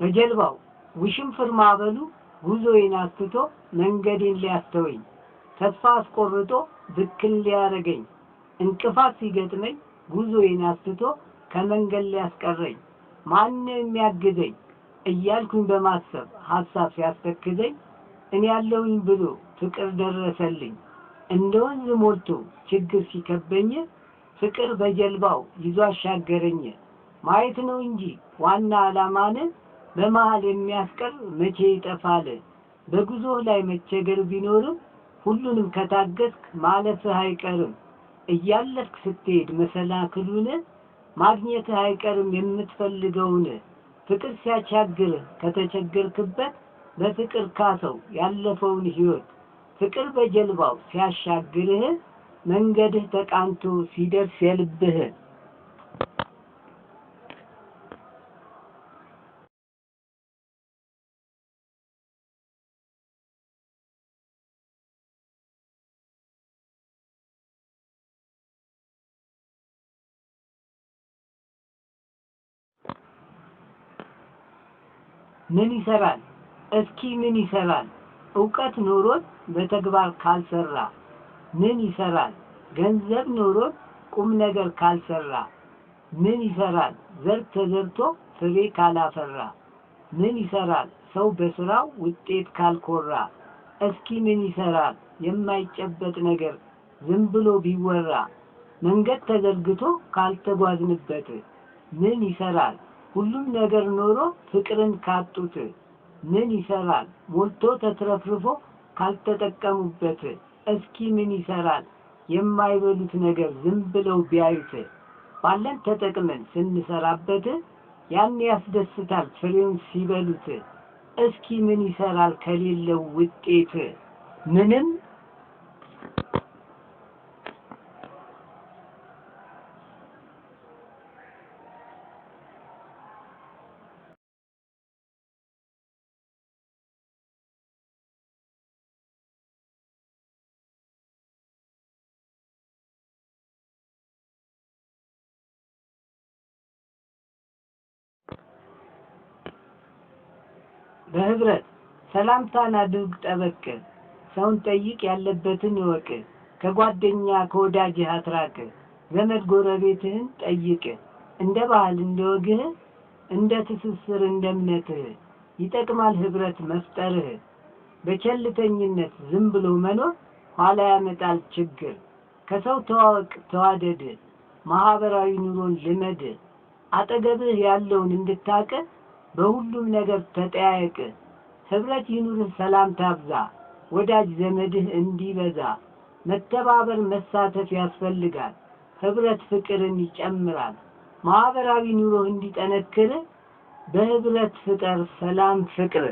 በጀልባው ውሽንፍር ማዕበሉ ጉዞዬን አስትቶ መንገዴን ሊያስተወኝ ተስፋ አስቆርጦ ዝክን ሊያረገኝ እንቅፋት ሲገጥመኝ ጉዞዬን አስትቶ ከመንገድ ሊያስቀረኝ ማነው የሚያግዘኝ እያልኩኝ በማሰብ ሀሳብ ሲያስተክዘኝ እኔ ያለውኝ ብሎ ፍቅር ደረሰልኝ እንደ ወንዝ ሞልቶ ችግር ሲከበኝ ፍቅር በጀልባው ይዞ አሻገረኝ ማየት ነው እንጂ ዋና ዓላማንን በመሃል የሚያስቀር መቼ ይጠፋል። በጉዞህ ላይ መቸገር ቢኖርም ሁሉንም ከታገስክ ማለፍህ አይቀርም። እያለፍክ ስትሄድ መሰናክሉን ማግኘትህ አይቀርም የምትፈልገውን። ፍቅር ሲያቻግርህ ከተቸገርክበት በፍቅር ካሰው ያለፈውን ሕይወት። ፍቅር በጀልባው ሲያሻግርህ መንገድህ ተቃንቶ ሲደርስ የልብህ ምን ይሰራል? እስኪ ምን ይሰራል? እውቀት ኖሮት በተግባር ካልሰራ ምን ይሰራል? ገንዘብ ኖሮት ቁም ነገር ካልሰራ ምን ይሰራል? ዘር ተዘርቶ ፍሬ ካላፈራ ምን ይሰራል? ሰው በስራው ውጤት ካልኮራ እስኪ ምን ይሰራል? የማይጨበጥ ነገር ዝም ብሎ ቢወራ መንገድ ተዘርግቶ ካልተጓዝንበት ምን ይሰራል? ሁሉም ነገር ኖሮ ፍቅርን ካጡት ምን ይሰራል? ሞልቶ ተትረፍርፎ ካልተጠቀሙበት እስኪ ምን ይሰራል? የማይበሉት ነገር ዝም ብለው ቢያዩት ባለን ተጠቅመን ስንሰራበት ያን ያስደስታል ፍሬውን ሲበሉት። እስኪ ምን ይሰራል ከሌለው ውጤት ምንም በህብረት ሰላምታን አድርግ ጠበቅ። ሰውን ጠይቅ ያለበትን ይወቅ። ከጓደኛ ከወዳጅህ አትራቅ። ዘመድ ጎረቤትህን ጠይቅ። እንደ ባህል እንደ ወግህ፣ እንደ ትስስር እንደ እምነትህ ይጠቅማል ህብረት መፍጠርህ። በቸልተኝነት ዝም ብሎ መኖር ኋላ ያመጣል ችግር። ከሰው ተዋወቅ ተዋደድ፣ ማህበራዊ ኑሮን ልመድ። አጠገብህ ያለውን እንድታቀ በሁሉም ነገር ተጠያየቅ። ህብረት ይኑርህ፣ ሰላም ታብዛ፣ ወዳጅ ዘመድህ እንዲበዛ። መተባበር መሳተፍ ያስፈልጋል፣ ህብረት ፍቅርን ይጨምራል። ማኅበራዊ ኑሮህ እንዲጠነክር በህብረት ፍጠር ሰላም ፍቅር